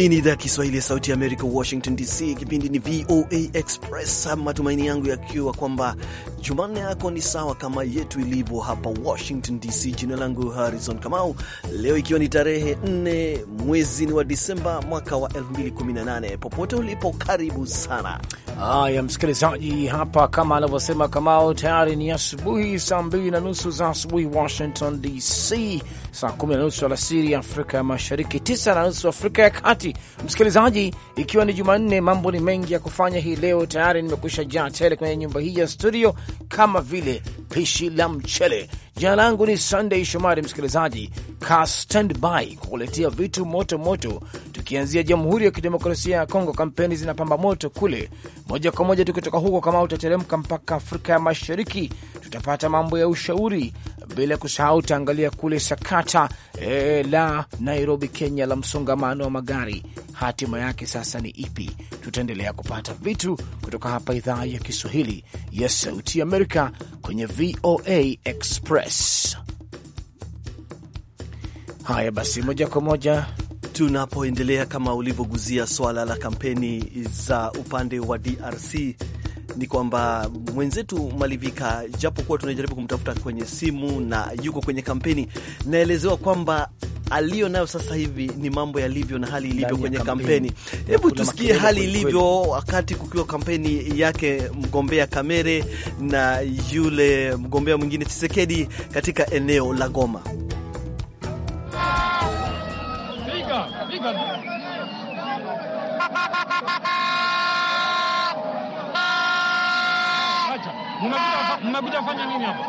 Hii ni idhaa ya Kiswahili ya Sauti ya Amerika, Washington DC. Kipindi ni VOA Express. Matumaini yangu yakiwa kwamba Jumanne yako ni sawa kama yetu ilivyo hapa Washington DC. Jina langu Harrison Kamau, leo ikiwa ni tarehe 4 mwezi ni wa Disemba mwaka wa 2018. Popote ulipo, karibu sana. Haya msikilizaji, hapa kama anavyosema Kamau, tayari ni asubuhi, saa mbili na nusu za asubuhi Washington DC saa kumi na nusu alasiri Afrika ya Mashariki, tisa na nusu Afrika ya Kati. Msikilizaji, ikiwa ni Jumanne, mambo ni mengi ya kufanya hii leo. Tayari nimekusha jaa tele kwenye nyumba hii ya studio kama vile pishi la mchele. Jina langu ni Sunday Shomari. Msikilizaji, ka standby kukuletea vitu moto moto, tukianzia Jamhuri ya Kidemokrasia ya Kongo. Kampeni zinapamba moto kule, moja kwa moja tukitoka huko, kama utateremka mpaka Afrika ya Mashariki utapata mambo ya ushauri, bila kusahau utaangalia kule sakata e, la Nairobi, Kenya, la msongamano wa magari, hatima yake sasa ni ipi? Tutaendelea kupata vitu kutoka hapa idhaa ya Kiswahili ya Sauti Amerika kwenye VOA Express. Haya basi, moja kwa moja tunapoendelea, kama ulivyoguzia swala la kampeni za upande wa DRC ni kwamba mwenzetu Malivika, japokuwa tunajaribu kumtafuta kwenye simu na yuko kwenye kampeni, naelezewa kwamba aliyo nayo sasa hivi ni mambo yalivyo na hali ilivyo kwenye kampeni. Hebu tusikie hali ilivyo wakati kukiwa kampeni yake mgombea Kamere na yule mgombea mwingine Chisekedi katika eneo la Goma. Mnakuja fanya nini hapa?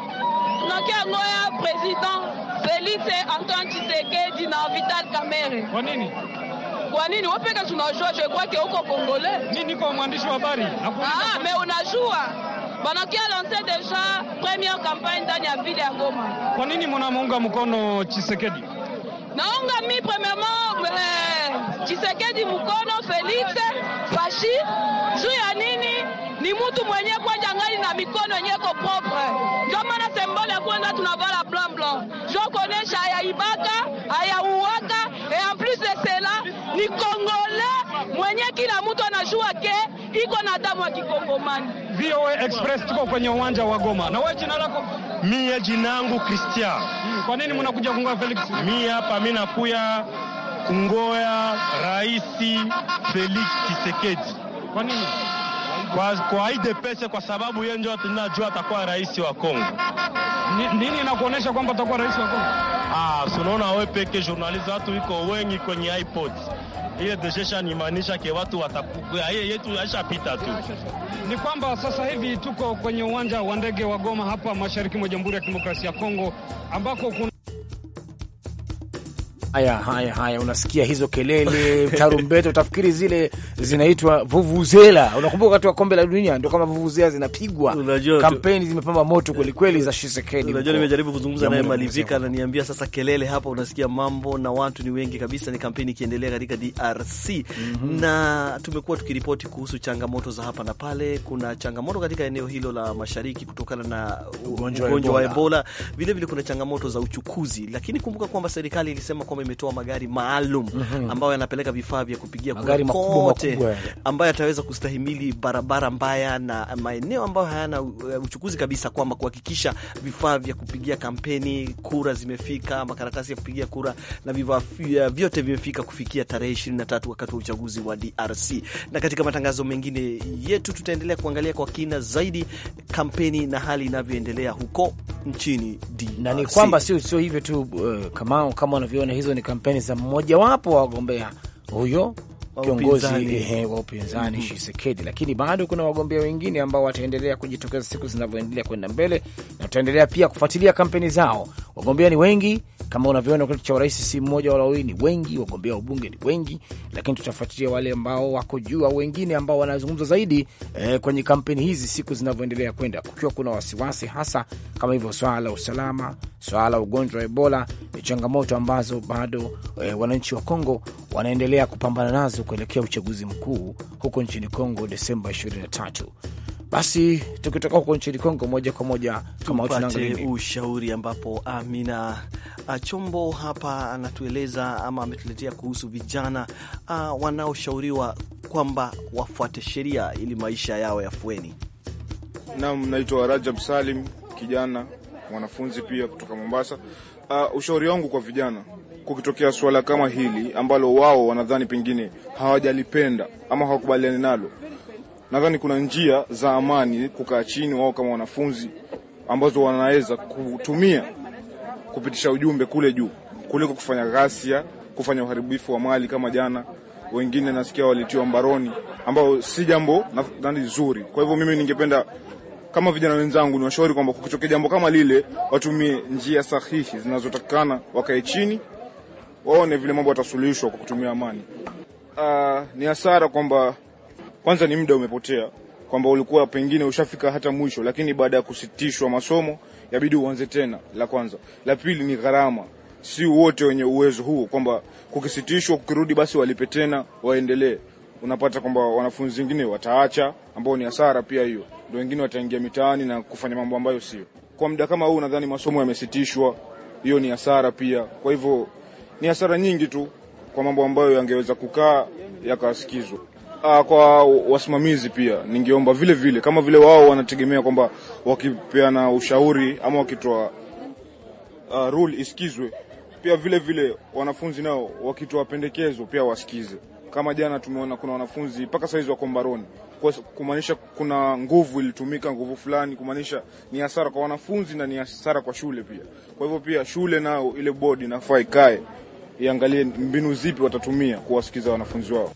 Tunakia ngoya president Felice Antoine Tshisekedi na Vital Kamerhe. Kwa nini? Kwa nini wewe peka tunajua je kwake huko Kongole? Mimi niko mwandishi wa habari. Ah, me unajua. Banakia lancer deja première campagne ndani ya ville ya Goma. Kwa nini mnamuunga mkono Tshisekedi? Naunga mi premièrement eh, Tshisekedi mkono Felice Fashi juu ya ni mtu mwenye kwanja ngali na mikono yenye ko propre, ndio maana sembole kwanza tunavala blanc blanc jo konesha haya ibaka haya uwaka et en plus de cela ni kongole mwenye kila mtu anajua ke iko na damu ya Kikongomani. VOA Express tuko kwenye uwanja wa Goma. Na wewe jina lako? Mie jinangu Christian. Hmm. Kwa nini mnakuja kungoa Felix? Mie hapa mimi nakuya kungoya Rais Felix Tshisekedi. Kwa nini? kwa, kwa ide kwa sababu yeye ndio tunajua atakuwa rais wa Kongo. nini inakuonesha kwamba atakuwa rais wa Kongo? Ah, sunaona wewe peke journalist watu iko wengi kwenye iPod. Ile dejesha nimaanisha ke watu watakuwa Yeye yetu ashapita tu. Ni kwamba sasa hivi tuko kwenye uwanja wa ndege wa Goma hapa mashariki mwa Jamhuri ya Kidemokrasia ya Kongo ambako kuna Haya, haya, haya, unasikia hizo kelele tarumbeta, utafikiri zile zinaitwa vuvuzela. Unakumbuka wakati wa kombe la dunia ndio kama vuvuzela zinapigwa, kampeni zimepamba moto kweli kweli za Shisekedi. Unajua, nimejaribu kuzungumza naye Malivika, ananiambia sasa kelele hapa, unasikia mambo na watu ni wengi kabisa, ni kampeni ikiendelea katika DRC. mm -hmm. Na tumekuwa tukiripoti kuhusu changamoto za hapa na pale. Kuna changamoto katika eneo hilo la mashariki kutokana na ugonjwa wa Ebola, vilevile kuna changamoto za uchukuzi, lakini kumbuka kwamba serikali ilisema kwamba Kongo imetoa magari maalum mm -hmm. ambayo yanapeleka vifaa vya kupigia kura kote, ambayo yataweza kustahimili barabara mbaya na maeneo ambayo hayana uh, uchukuzi kabisa, kwamba kuhakikisha vifaa vya kupigia kampeni kura zimefika, makaratasi ya kupigia kura na vifaa vyote vimefika kufikia tarehe 23 wakati wa uchaguzi wa DRC. Na katika matangazo mengine yetu tutaendelea kuangalia kwa kina zaidi kampeni na hali inavyoendelea huko nchini DRC. Na ni kwamba sio sio hivyo tu uh, kama kama wanavyoona hizo hizo ni kampeni za mmojawapo wa wagombea huyo kiongozi wa upinzani mm -hmm. Shisekedi, lakini bado kuna wagombea wengine ambao wataendelea kujitokeza siku zinavyoendelea kwenda mbele, na tutaendelea pia kufuatilia kampeni zao. Wagombea ni wengi, kama unavyoona kiti cha urais si mmoja wala wawili, ni wengi, wagombea ubunge ni wengi, lakini tutafuatilia wale ambao wako juu au wengine ambao wanazungumza zaidi eh, kwenye kampeni hizi siku zinavyoendelea kwenda, kukiwa kuna wasiwasi hasa kama hivyo swala la usalama, swala la ugonjwa wa Ebola ni changamoto ambazo bado eh, wananchi wa Kongo wanaendelea kupambana nazo kuelekea uchaguzi mkuu huko nchini Kongo Desemba 23. Basi tukitoka huko nchini Kongo moja kwa moja tupate ushauri, ambapo Amina ah, Chombo hapa anatueleza ama ametuletea kuhusu vijana uh, wanaoshauriwa kwamba wafuate sheria ili maisha yao yafueni. Naam, naitwa Rajab Salim, kijana mwanafunzi pia kutoka Mombasa. Uh, ushauri wangu kwa vijana, kukitokea suala kama hili ambalo wao wanadhani pengine hawajalipenda ama hawakubaliani nalo nadhani kuna njia za amani kukaa chini wao kama wanafunzi ambazo wanaweza kutumia kupitisha ujumbe kule juu kuliko kufanya ghasia, kufanya uharibifu wa mali kama jana wengine nasikia walitiwa mbaroni, ambao si jambo nadhani zuri. Kwa hivyo mimi ningependa kama vijana wenzangu washauri kwamba kukitokea jambo kama lile watumie njia sahihi zinazotakikana, wakae chini, waone vile mambo yatasuluhishwa kwa kutumia amani. Uh, ni hasara kwamba kwanza ni muda umepotea kwamba ulikuwa pengine ushafika hata mwisho, lakini baada ya kusitishwa masomo yabidi uanze tena, la kwanza. La pili ni gharama, si wote wenye uwezo huo kwamba kukisitishwa, kukirudi, basi walipe tena waendelee. Unapata kwamba wanafunzi wengine wataacha, ambao ni hasara pia hiyo, ndio wengine wataingia mitaani na kufanya mambo ambayo sio. Kwa muda kama huu, nadhani masomo yamesitishwa, hiyo ni hasara pia. Kwa hivyo ni hasara nyingi tu kwa mambo ambayo yangeweza kukaa yakasikizwa uh, kwa wasimamizi pia ningeomba vile vile, kama vile wao wanategemea kwamba wakipeana ushauri ama wakitoa uh, rule isikizwe, pia vile vile wanafunzi nao wakitoa pendekezo pia wasikize. Kama jana tumeona kuna wanafunzi mpaka saizi wako mbaroni, kumaanisha kuna nguvu ilitumika, nguvu fulani, kumaanisha ni hasara kwa wanafunzi na ni hasara kwa shule pia. Kwa hivyo pia shule nao, ile bodi inafaa ikae iangalie mbinu zipi watatumia kuwasikiza wanafunzi wao.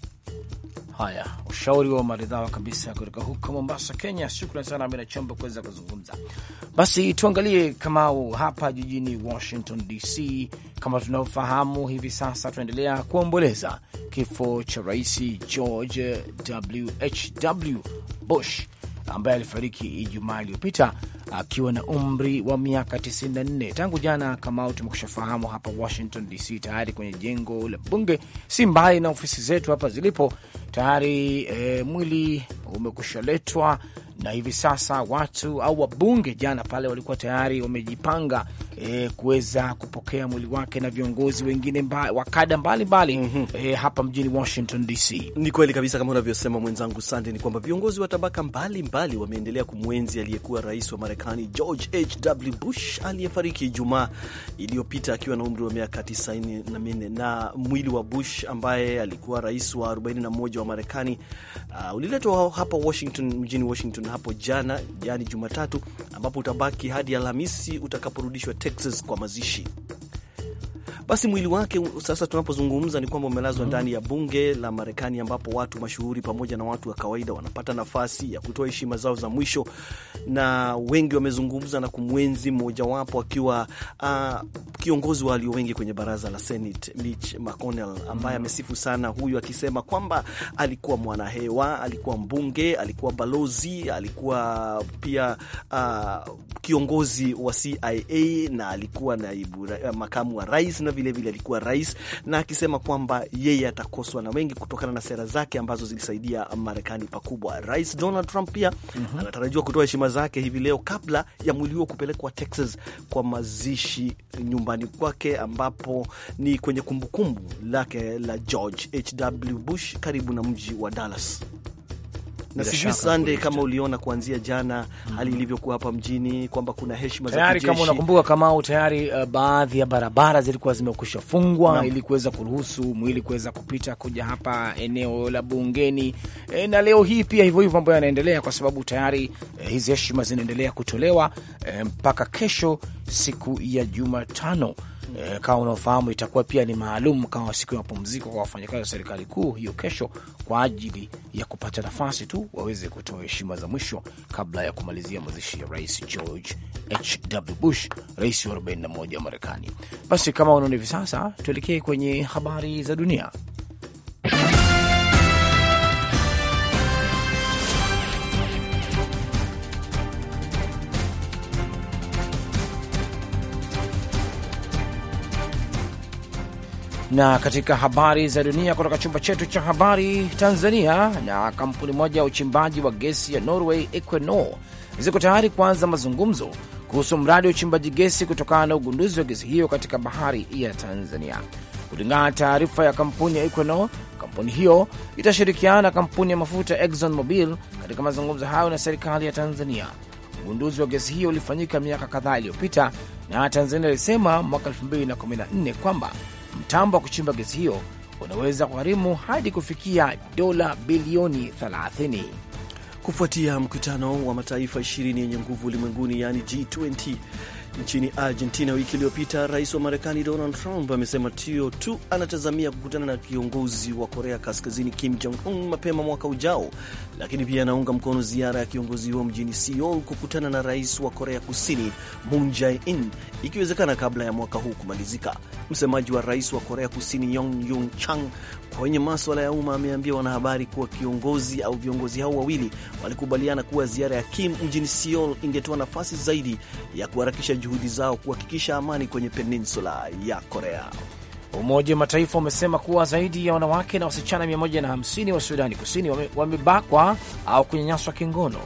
Haya, ushauri wa maridhawa kabisa kutoka huko Mombasa, Kenya. Shukran sana Amina Chombo kuweza kuzungumza. Basi tuangalie Kamau hapa jijini Washington DC. Kama tunavyofahamu hivi sasa, tunaendelea kuomboleza kifo cha Rais George W H W Bush ambaye alifariki Ijumaa iliyopita akiwa na umri wa miaka 94. Tangu jana, Kamau, tumekusha fahamu hapa Washington DC, tayari kwenye jengo la bunge, si mbali na ofisi zetu hapa zilipo tayari. E, mwili umekushaletwa na hivi sasa watu au wabunge jana pale walikuwa tayari wamejipanga e, kuweza kupokea mwili wake na viongozi wengine wa kada mbalimbali mm -hmm. E, hapa mjini Washington DC. Ni kweli kabisa kama unavyosema mwenzangu Sande, ni kwamba viongozi wa tabaka mbalimbali wameendelea kumwenzi aliyekuwa rais wa Marekani George HW Bush aliyefariki Ijumaa iliyopita akiwa na umri wa miaka 94, na mwili wa Bush ambaye alikuwa rais wa 41 wa Marekani uh, uliletwa hapa Washington, mjini Washington na hapo jana, yani Jumatatu, ambapo utabaki hadi Alhamisi utakaporudishwa Texas kwa mazishi. Basi mwili wake sasa tunapozungumza ni kwamba umelazwa mm-hmm. ndani ya bunge la Marekani, ambapo watu mashuhuri pamoja na watu wa kawaida wanapata nafasi ya kutoa heshima zao za mwisho, na wengi wamezungumza na kumwenzi, mmojawapo akiwa uh, kiongozi wa walio wengi kwenye baraza la Senate Mitch McConnell, ambaye mm-hmm. amesifu sana huyu akisema kwamba alikuwa mwanahewa, alikuwa mbunge, alikuwa balozi, alikuwa pia uh, kiongozi wa CIA na alikuwa naibu makamu wa rais na vilevile alikuwa rais, na akisema kwamba yeye atakoswa na wengi kutokana na sera zake ambazo zilisaidia Marekani pakubwa. Rais Donald Trump pia mm -hmm. anatarajiwa kutoa heshima zake hivi leo kabla ya mwili huo kupelekwa Texas kwa mazishi nyumbani kwake, ambapo ni kwenye kumbukumbu lake la George HW Bush karibu na mji wa Dallas na sijui Sande, kama uliona kuanzia jana hali ilivyokuwa hapa mjini kwamba kuna heshima za kijeshi. Kama unakumbuka Kamau, tayari uh, baadhi ya barabara zilikuwa zimekwisha fungwa ili kuweza kuruhusu mwili kuweza kupita kuja hapa eneo la bungeni e, na leo hii pia hivyo hivyo mambo yanaendelea kwa sababu tayari e, hizi heshima zinaendelea kutolewa e, mpaka kesho siku ya Jumatano. E, kama unaofahamu itakuwa pia ni maalum kama siku ya mapumziko kwa wafanyakazi wa serikali kuu hiyo kesho, kwa ajili ya kupata nafasi tu waweze kutoa heshima za mwisho kabla ya kumalizia mazishi ya Rais George H.W. Bush, rais wa 41 wa Marekani. Basi kama unaona hivi sasa, tuelekee kwenye habari za dunia. Na katika habari za dunia kutoka chumba chetu cha habari, Tanzania na kampuni moja ya uchimbaji wa gesi ya Norway Equinor ziko tayari kuanza mazungumzo kuhusu mradi wa uchimbaji gesi kutokana na ugunduzi wa gesi hiyo katika bahari ya Tanzania. Kulingana na taarifa ya kampuni ya Equinor, kampuni hiyo itashirikiana na kampuni ya mafuta Exxon Mobil katika mazungumzo hayo na serikali ya Tanzania. Ugunduzi wa gesi hiyo ulifanyika miaka kadhaa iliyopita na Tanzania ilisema mwaka 2014 kwamba Mtambo wa kuchimba gesi hiyo unaweza kugharimu hadi kufikia dola bilioni 30. Kufuatia mkutano wa mataifa 20 yenye nguvu ulimwenguni, yani G20 Nchini Argentina wiki iliyopita, rais wa Marekani Donald Trump amesema tio tu anatazamia kukutana na kiongozi wa Korea Kaskazini Kim Jong Un mapema mwaka ujao, lakini pia anaunga mkono ziara ya kiongozi huo mjini Seoul kukutana na rais wa Korea Kusini Moon Jae-in ikiwezekana kabla ya mwaka huu kumalizika. Msemaji wa rais wa Korea Kusini Yong Yun Chang kwenye maswala ya umma ameambia wanahabari kuwa kiongozi au viongozi hao wawili walikubaliana kuwa ziara ya Kim mjini Seoul ingetoa nafasi zaidi ya kuharakisha juhudi zao kuhakikisha amani kwenye peninsula ya Korea. Umoja wa Mataifa umesema kuwa zaidi ya wanawake na wasichana 150 wa Sudani Kusini wamebakwa wame au kunyanyaswa kingono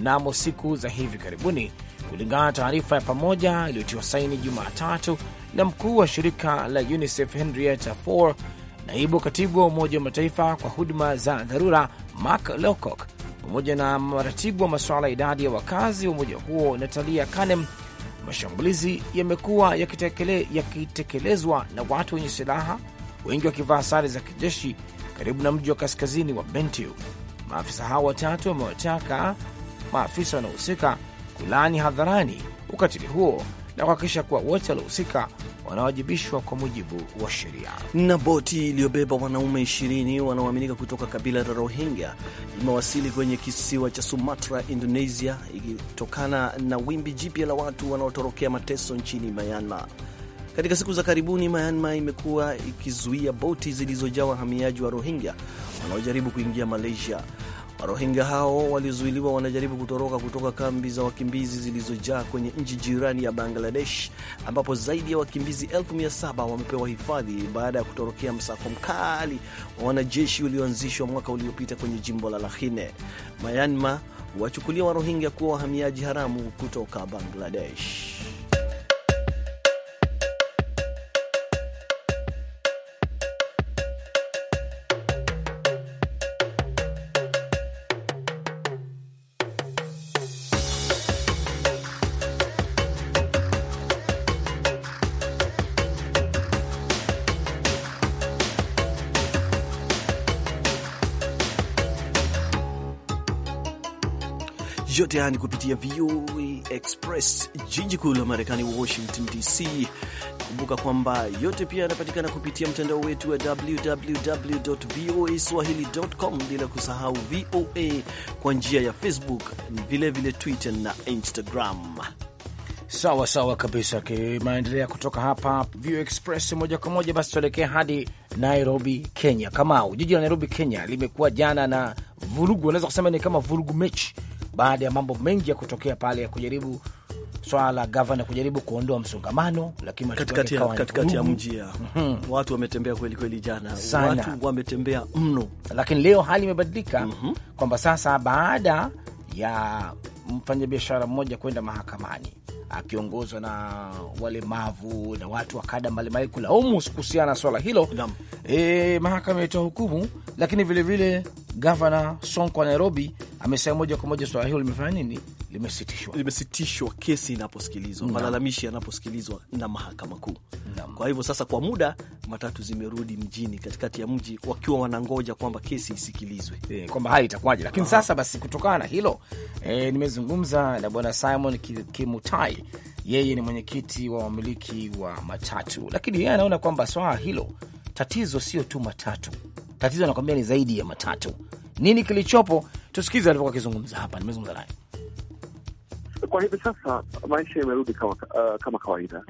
mnamo siku za hivi karibuni, kulingana na taarifa ya pamoja iliyotiwa saini Jumatatu na mkuu wa shirika la UNICEF Henrietta Fore naibu katibu wa Umoja wa Mataifa kwa huduma za dharura Mark Lowcock pamoja na maratibu wa masuala ya idadi ya wakazi wa umoja huo Natalia Kanem, mashambulizi yamekuwa yakitekelezwa na watu wenye silaha, wengi wakivaa sare za kijeshi karibu na mji wa kaskazini wa Bentiu. Maafisa hao watatu wamewataka maafisa wanaohusika kulaani hadharani ukatili huo na kuhakikisha kuwa wote waliohusika wanawajibishwa kwa mujibu wa sheria. Na boti iliyobeba wanaume ishirini wanaoaminika kutoka kabila la Rohingya imewasili kwenye kisiwa cha Sumatra, Indonesia, ikitokana na wimbi jipya la watu wanaotorokea mateso nchini Myanmar. Katika siku za karibuni, Myanmar imekuwa ikizuia boti zilizojaa wahamiaji wa Rohingya wanaojaribu kuingia Malaysia. Warohingya hao waliozuiliwa wanajaribu kutoroka kutoka kambi za wakimbizi zilizojaa kwenye nchi jirani ya Bangladesh, ambapo zaidi ya wakimbizi elfu mia saba wamepewa hifadhi baada ya kutorokea msako mkali wa wanajeshi ulioanzishwa mwaka uliopita kwenye jimbo la Rakhine. Myanmar wachukulia Warohingya kuwa wahamiaji haramu kutoka Bangladesh. Yote haya ni kupitia VOA Express, jiji kuu la Marekani, Washington DC. Kumbuka kwamba yote pia yanapatikana kupitia mtandao wetu wa www voa swahili.com, bila kusahau VOA kwa njia ya Facebook, vilevile Twitter na Instagram. Sawa sawa kabisa, kimaendelea kutoka hapa View Express moja kwa moja. Basi tuelekea hadi Nairobi, Kenya. Kamau, jiji la Nairobi, Kenya limekuwa jana na vurugu, wanaweza kusema ni kama vurugu mechi baada ya mambo mengi ya kutokea pale ya kujaribu swala la gavana kujaribu kuondoa msongamano, lakini katikati ya, katikati ya mji ya mm -hmm. Watu wametembea kweli kweli jana sana. Watu wametembea mno, lakini leo hali imebadilika mm -hmm. kwamba sasa baada ya mfanyabiashara mmoja kwenda mahakamani akiongozwa na walemavu na watu wa kada mbalimbali kulaumu kuhusiana na swala hilo e, mahakama imetoa hukumu, lakini vilevile gavana Sonko wa Nairobi amesema moja kwa moja swala hilo limefanya nini, limesitishwa, limesitishwa kesi inaposikilizwa, malalamishi yanaposikilizwa na mahakama kuu. Kwa hivyo sasa, kwa muda matatu zimerudi mjini, katikati ya mji, wakiwa wanangoja kwamba kesi isikilizwe, e, kwamba hali itakuwaje. Lakini sasa basi, kutokana na hilo e, nimezungumza na bwana Simon Kimutai, yeye ni mwenyekiti wa wamiliki wa matatu, lakini yeye anaona kwamba swala hilo tatizo sio tu matatu, tatizo anakwambia ni zaidi ya matatu nini kilichopo. Tusikize alivyokuwa akizungumza hapa, nimezungumza naye. Kwa hivi sasa maisha yamerudi kama, uh, kama kawaida,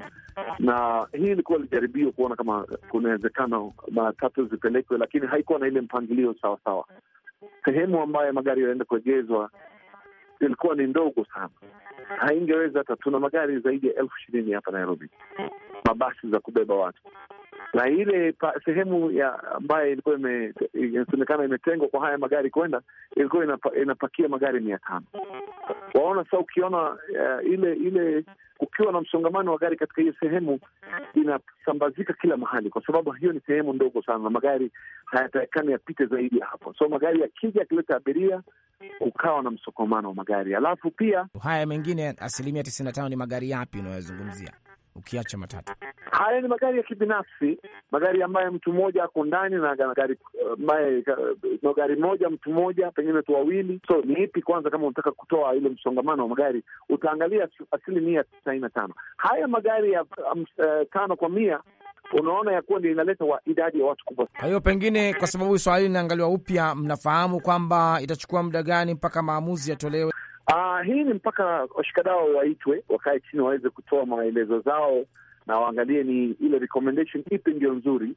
na hii ilikuwa lijaribio kuona kama kunawezekana matatu zipelekwe, lakini haikuwa na ile mpangilio sawasawa. Sehemu ambayo magari yanaenda kuegezwa ilikuwa ni ndogo sana, haingeweza hata. Tuna magari zaidi ya elfu ishirini hapa Nairobi, mabasi za kubeba watu na ile pa, sehemu ya ambayo ilikuwa inasemekana imetengwa kwa haya magari kwenda ilikuwa inapa, inapakia magari mia tano. Waona sasa, ukiona uh, ile ile ukiwa na msongamano wa gari katika hiyo sehemu inasambazika kila mahali, kwa sababu hiyo ni sehemu ndogo sana, na magari hayatakikani yapite zaidi ya hapo. So magari yakija yakileta abiria, ukawa na msongamano wa magari. Alafu pia haya mengine, asilimia tisini na tano ni magari yapi unayozungumzia? ukiacha matatu? Haya ni magari ya kibinafsi, magari ambayo mtu mmoja ako ndani na gari eh, ambaye eh, gari moja mtu mmoja pengine tu wawili. So ni ipi kwanza, kama unataka kutoa ile msongamano wa magari utaangalia asilimia tisaini na tano haya magari ya um, uh, tano kwa mia unaona ya kuwa ndio inaleta wa idadi ya watu kubwa. Kwa hiyo pengine, kwa sababu swali linaangaliwa upya, mnafahamu kwamba itachukua muda gani mpaka maamuzi yatolewe. Uh, hii ni mpaka washikadao waitwe wakae chini waweze kutoa maelezo zao na waangalie ni ile recommendation ipi ndio nzuri,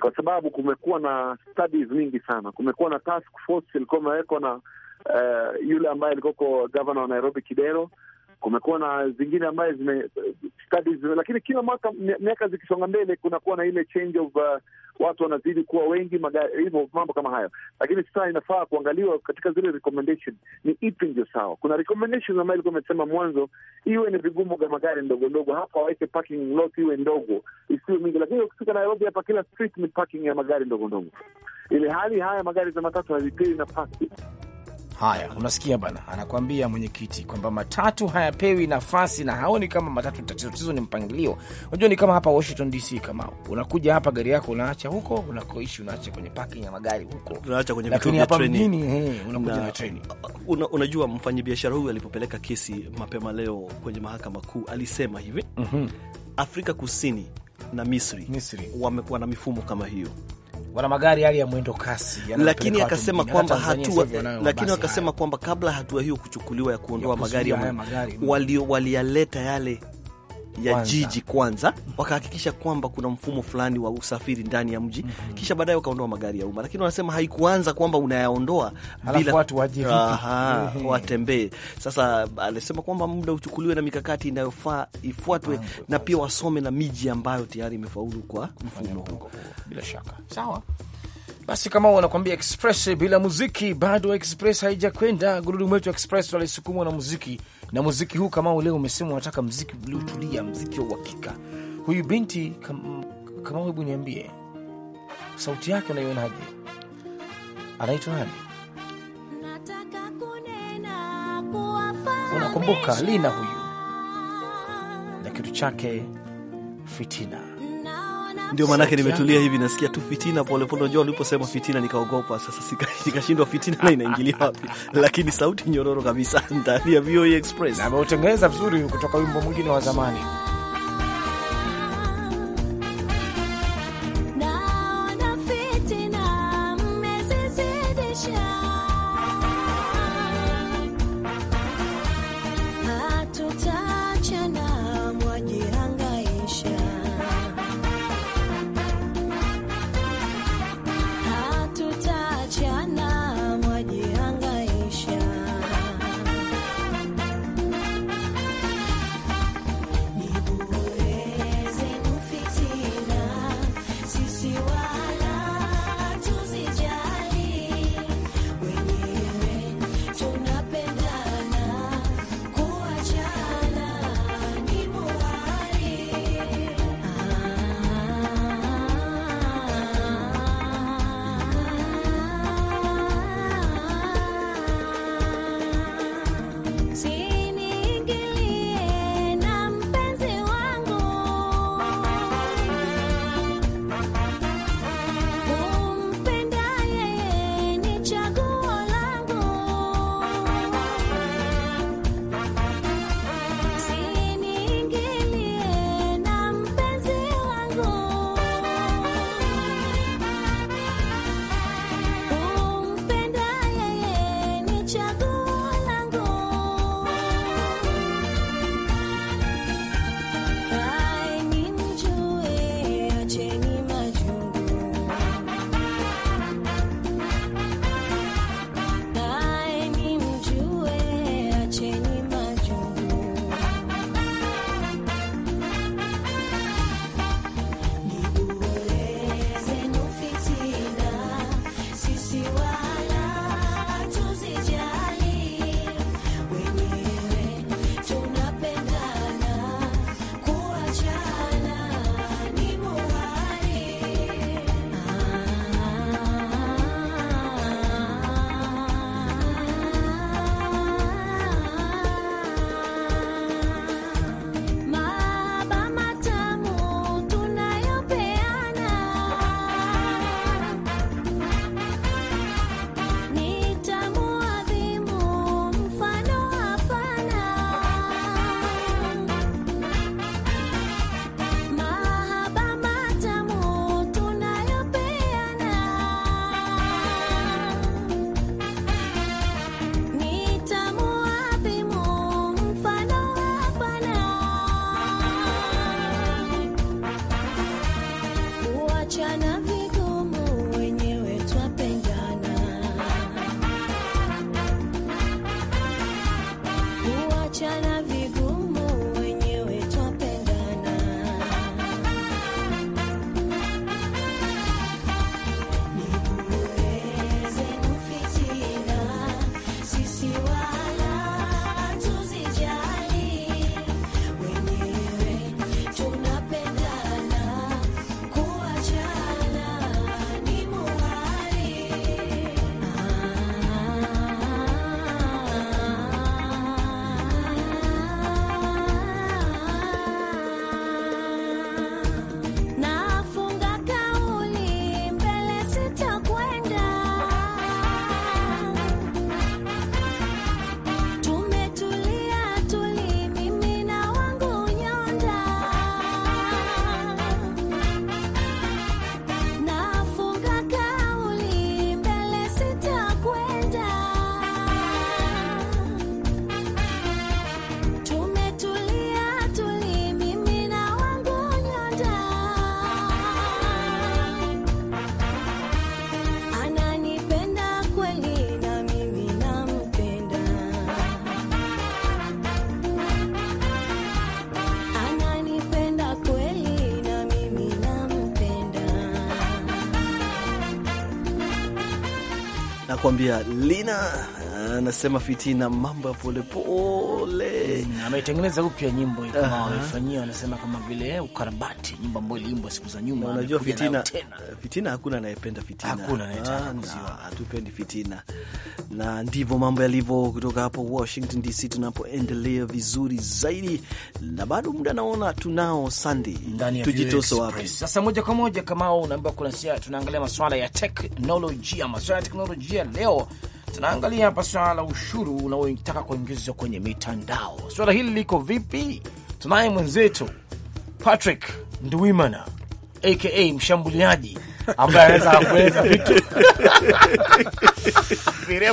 kwa sababu kumekuwa na studies mingi sana. Kumekuwa na task force ilikuwa imewekwa na uh, yule ambaye alikuwako gavana wa Nairobi Kidero kumekuwa na zingine ambaye zime studies, lakini kila mwaka miaka zikisonga mbele kunakuwa na ile change of uh, watu wanazidi kuwa wengi hivyo mambo kama hayo, lakini sasa inafaa kuangaliwa katika zile recommendation, ni ipi ndio sawa. Kuna recommendation ambayo ilikuwa imesema mwanzo iwe ni vigumu vya magari ndogo ndogo, hapa waweke parking lot iwe ndogo isiwe mingi, lakini ukifika Nairobi hapa kila street ni parking ya magari ndogo ndogo. ili hali haya magari za matatu hazipili nafasi. Haya, unasikia bana, anakuambia mwenyekiti kwamba matatu hayapewi nafasi na haoni kama matatu tatizo. Tatizo ni mpangilio. Unajua, ni kama hapa Washington DC, kama unakuja hapa gari yako unaacha huko unakoishi, unaacha kwenye parking ya magari huko, unaacha kwenye vituo vya treni, eh, unakuja na treni. Una, unajua mfanyabiashara huyu alipopeleka kesi mapema leo kwenye mahakama kuu alisema hivi mm -hmm. Afrika Kusini na Misri, Misri. wamekuwa na mifumo kama hiyo wana magari yale ya mwendo kasi, lakini akasema kwamba hatua, lakini akasema kwamba kabla hatua hiyo kuchukuliwa ya kuondoa magari, magari walialeta wali yale ya kwanza, jiji kwanza wakahakikisha kwamba kuna mfumo fulani wa usafiri ndani ya mji mm -hmm. Kisha baadaye wakaondoa magari ya umma, lakini wanasema haikuanza kwamba unayaondoa bila watu watembee. Sasa alisema kwamba muda uchukuliwe na mikakati inayofaa ifuatwe ah, na pia wasome na miji ambayo tayari imefaulu kwa mfumo huo. Bila shaka sawa. Basi kama wanakuambia express bila muziki bado express kwenda. Gurudumu wetu express tunalisukuma na muziki, na muziki huu kama leo umesema unataka muziki uliotulia, muziki wa uhakika. Huyu binti kama hebu niambie sauti yake unaionaje? Anaitwa nani? Unakumbuka Lina huyu na kitu chake Fitina. Ndio maanake nimetulia hivi, nasikia tu fitina polepole. Unajua, uliposema fitina nikaogopa, sasa nikashindwa fitina na inaingilia wapi, lakini sauti nyororo kabisa ndani ya VOA e Express. Na ameutengeneza vizuri kutoka wimbo mwingine wa zamani nakuambia Lina anasema fitina, mambo ya polepole. Mm, ametengeneza upya nyimbo hiyo, kama wamefanyia, anasema kama vile ukarabati, nyimbo ambayo iliimbwa siku za nyuma. Unajua fitina, fitina hakuna anayependa fitina, hakuna anayetaka ah, kuziona, hatupendi fitina. Na ndivyo mambo yalivyo kutoka hapo Washington DC, tunapoendelea vizuri zaidi, na bado muda naona tunao sandi ndani ya tujitoso wapi sasa? Moja kwa moja kama unaambia, kuna tunaangalia masuala ya teknolojia, masuala ya teknolojia leo tunaangalia hapa swala la ushuru unaotaka kuingizwa kwenye mitandao. Swala hili liko vipi? Tunaye mwenzetu Patrick Ndwimana aka mshambuliaji ambaye anaweza kueleza vitu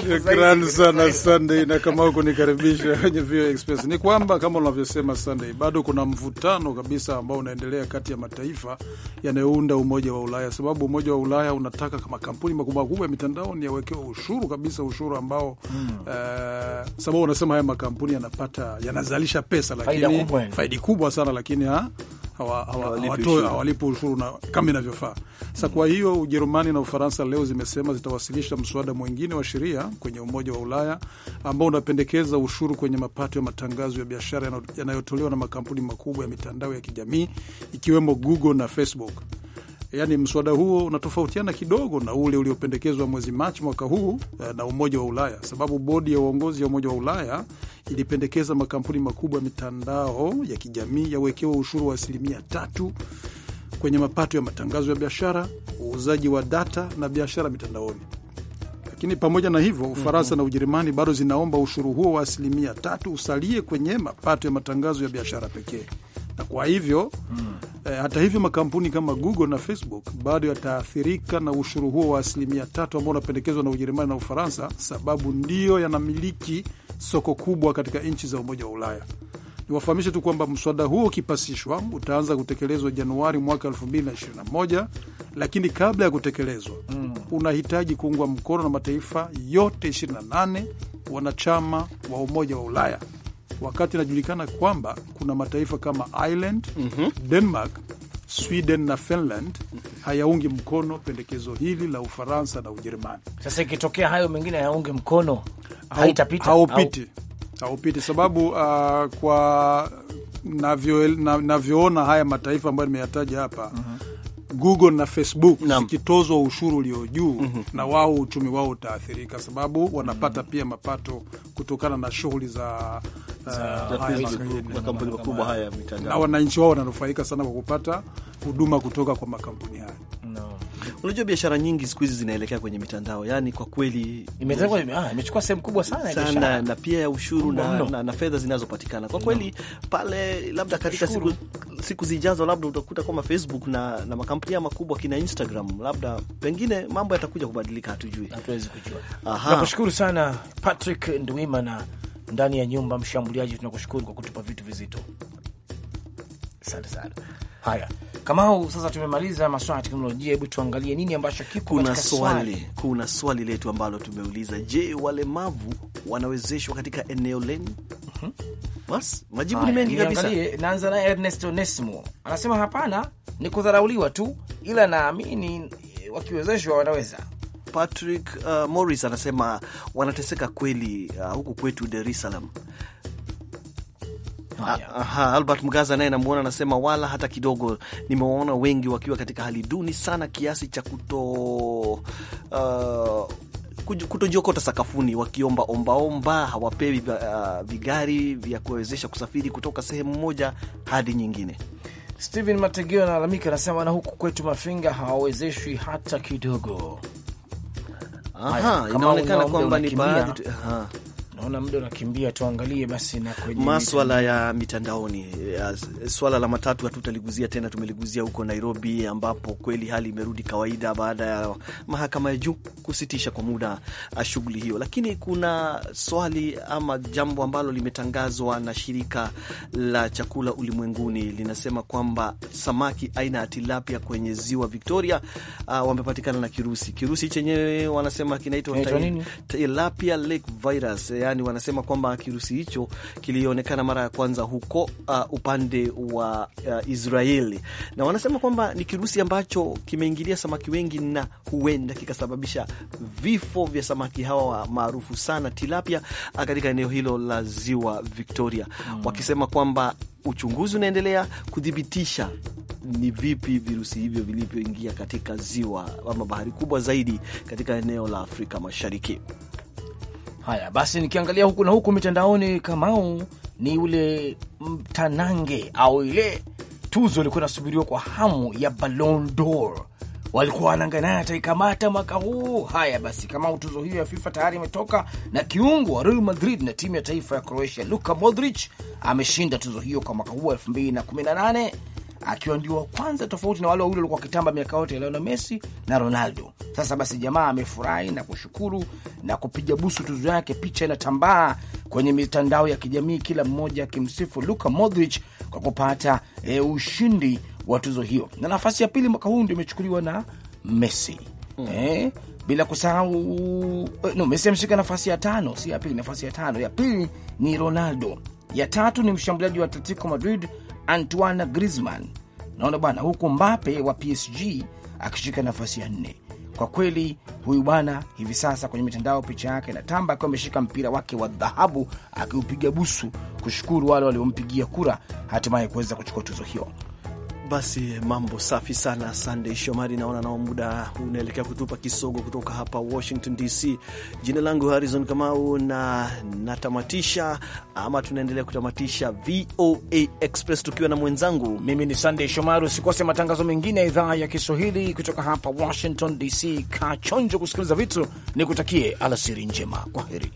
Shukrani sana Sunday, na kama nikaribisha kwenye VOA Express, ni kwamba kama unavyosema Sunday, bado kuna mvutano kabisa ambao unaendelea kati ya mataifa yanayounda Umoja wa Ulaya, sababu Umoja wa Ulaya unataka makampuni makubwa makubwa ya mitandaoni yawekewa ushuru kabisa, ushuru ambao hmm. uh, sababu unasema haya makampuni yanapata yanazalisha pesa, lakini faidi kubwa sana, lakini ha, ah, hawalipi ushuru na kama inavyofaa. Sasa kwa hiyo Ujerumani na Ufaransa leo zimesema zitawasilisha mswada mwingine wa sheria kwenye Umoja wa Ulaya ambao unapendekeza ushuru kwenye mapato ya matangazo ya biashara yanayotolewa na makampuni makubwa ya mitandao ya kijamii ikiwemo Google na Facebook yani mswada huo unatofautiana kidogo na ule uliopendekezwa mwezi Machi mwaka huu eh, na Umoja wa Ulaya, sababu bodi ya uongozi ya Umoja wa Ulaya ilipendekeza makampuni makubwa ya mitandao ya kijamii yawekewe ushuru wa asilimia tatu kwenye mapato ya matangazo ya biashara, uuzaji wa data na biashara mitandaoni. Lakini pamoja na hivyo, Ufaransa mm -hmm. na Ujerumani bado zinaomba ushuru huo wa asilimia tatu usalie kwenye mapato ya matangazo ya biashara pekee na kwa hivyo mm. eh, hata hivyo makampuni kama Google na Facebook bado yataathirika na ushuru huo wa asilimia tatu ambao unapendekezwa na Ujerumani na Ufaransa, sababu ndiyo yanamiliki soko kubwa katika nchi za Umoja wa Ulaya. Niwafahamishe tu kwamba mswada huo ukipasishwa utaanza kutekelezwa Januari mwaka 2021, lakini kabla ya kutekelezwa mm. unahitaji kuungwa mkono na mataifa yote 28 wanachama wa Umoja wa Ulaya wakati inajulikana kwamba kuna mataifa kama Ireland, mm -hmm. Denmark, Sweden na Finland hayaungi mkono pendekezo hili la Ufaransa na Ujerumani. Sasa ikitokea hayo mengine hayaungi mkono, haitapita haupiti, haupiti sababu uh, kwa navyoona na haya mataifa ambayo nimeyataja hapa mm -hmm. Google na Facebook zikitozwa ushuru ulio juu mm -hmm. na wao uchumi wao utaathirika, sababu wanapata mm -hmm. pia mapato kutokana na shughuli za makampuni uh, makubwa haya ya mitandao, na wananchi wao wananufaika sana kwa kupata huduma kutoka kwa makampuni haya Unajua, biashara nyingi siku hizi zinaelekea kwenye mitandao, yani kwa kweli ah, imechukua sehemu kubwa sana, sana na pia ya ushuru na, na, na fedha zinazopatikana kwa kweli no. Pale labda katika siku, siku zijazo labda utakuta kama Facebook na, na makampuni makubwa kina Instagram, labda pengine mambo yatakuja kubadilika, hatujui, hatuwezi kujua. Nakushukuru sana Patrick Ndwimana ndani ya nyumba. Mshambuliaji, tunakushukuru kwa kutupa vitu vizito, asante sana. Haya, Kamau, sasa tumemaliza maswala ya teknolojia. Hebu tuangalie nini ambacho kikuna swali. Kuna swali letu ambalo tumeuliza, je, walemavu wanawezeshwa katika eneo lenu? Mhm. Bas, majibu ni mengi kabisa. Naanza naye Ernest Onesimo anasema hapana, ni kudharauliwa tu, ila naamini wakiwezeshwa wanaweza Patrick uh, Morris anasema wanateseka kweli, uh, huku kwetu Dar es Salaam. Oh, ah, aha, Albert Mgaza naye namwona, anasema wala hata kidogo, nimewaona wengi wakiwa katika hali duni sana kiasi cha kuto uh, kutojiokota sakafuni wakiomba ombaomba, hawapewi uh, vigari vya kuwawezesha kusafiri kutoka sehemu moja hadi nyingine. Steven Mategeo analalamika, anasema na huku kwetu Mafinga hawawezeshwi hata kidogo. Aha, inaonekana kwamba ni baadhi tu. Aha. Naona muda unakimbia, tuangalie basi na kwenye maswala ya mitandaoni. Swala la matatu hatutaliguzia tena, tumeliguzia huko Nairobi, ambapo kweli hali imerudi kawaida baada ya mahakama ya juu kusitisha kwa muda shughuli hiyo. Lakini kuna swali ama jambo ambalo limetangazwa na shirika la chakula ulimwenguni, linasema kwamba samaki aina ya tilapia kwenye ziwa Victoria uh, wamepatikana na kirusi. Kirusi chenyewe wanasema kinaitwa tilapia lake virus yani wanasema kwamba kirusi hicho kilionekana mara ya kwanza huko uh, upande wa uh, Israeli, na wanasema kwamba ni kirusi ambacho kimeingilia samaki wengi na huenda kikasababisha vifo vya samaki hawa maarufu sana tilapia katika eneo hilo la ziwa Victoria, mm. wakisema kwamba uchunguzi unaendelea kuthibitisha ni vipi virusi hivyo vilivyoingia katika ziwa ama bahari kubwa zaidi katika eneo la Afrika Mashariki. Haya basi, nikiangalia huku na huku mitandaoni, Kamau, ni ule mtanange au ile tuzo ilikuwa inasubiriwa kwa hamu ya Ballon d'Or, walikuwa wanang'ang'ana ataikamata mwaka huu. Haya basi, Kamau, tuzo hiyo ya FIFA tayari imetoka, na kiungo wa Real Madrid na timu ya taifa ya Croatia Luka Modric ameshinda tuzo hiyo kwa mwaka huu 2018 akiwa ndio wa kwanza, tofauti na wale wawili walikuwa wakitamba miaka yote, Lionel Messi na Ronaldo. Sasa basi, jamaa amefurahi na kushukuru na kupiga busu tuzo yake. Picha inatambaa kwenye mitandao ya kijamii, kila mmoja akimsifu Luka Modric kwa kupata e, ushindi wa tuzo hiyo, na nafasi ya pili mwaka huu ndio imechukuliwa na Messi mm. eh, bila kusahau eh, no, Messi ameshika nafasi ya tano, si ya pili, nafasi ya tano. Ya pili ni Ronaldo, ya tatu ni mshambuliaji wa Atletico Madrid Antoine Griezmann. Naona bwana, huku Mbappe wa PSG akishika nafasi ya nne. Kwa kweli huyu bwana hivi sasa kwenye mitandao picha yake na tamba akiwa ameshika mpira wake wa dhahabu akiupiga busu, kushukuru wale waliompigia kura, hatimaye kuweza kuchukua tuzo hiyo. Basi mambo safi sana, Sandey Shomari. Naona nao muda unaelekea kutupa kisogo kutoka hapa Washington DC. Jina langu Harrison Kamau na natamatisha ama tunaendelea kutamatisha VOA Express tukiwa na mwenzangu, mimi ni Sandey Shomari. Usikose matangazo mengine ya idhaa ya Kiswahili kutoka hapa Washington DC. Kaa chonjo kusikiliza vitu, nikutakie alasiri njema. Kwa heri.